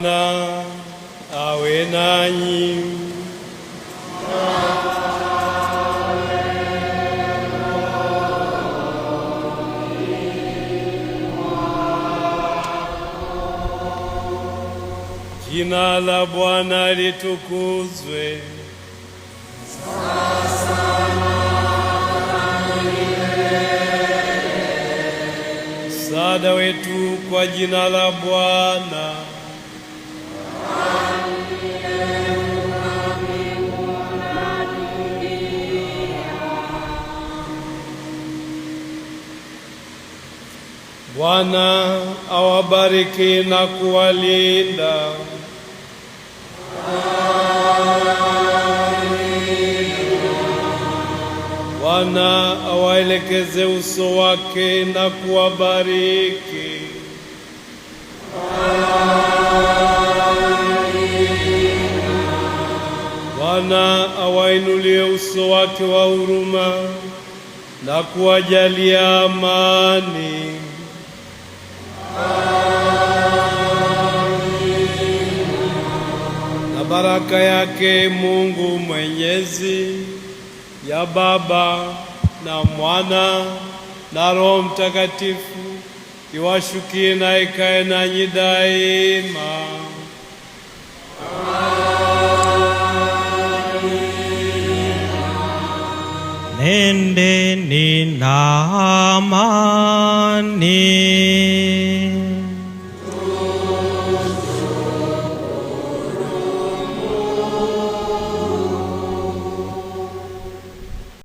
Na awe nanyi. Jina la Bwana litukuzwe. Msaada wetu kwa jina la Bwana. Bwana awabariki na kuwalinda. Bwana awaelekeze uso wake na kuwabariki. Bwana awainulie uso wake wa huruma na kuwajalia amani. baraka yake Mungu Mwenyezi ya Baba na Mwana na Roho Mtakatifu iwashukie na ikae nanyi daima. Nendeni na amani.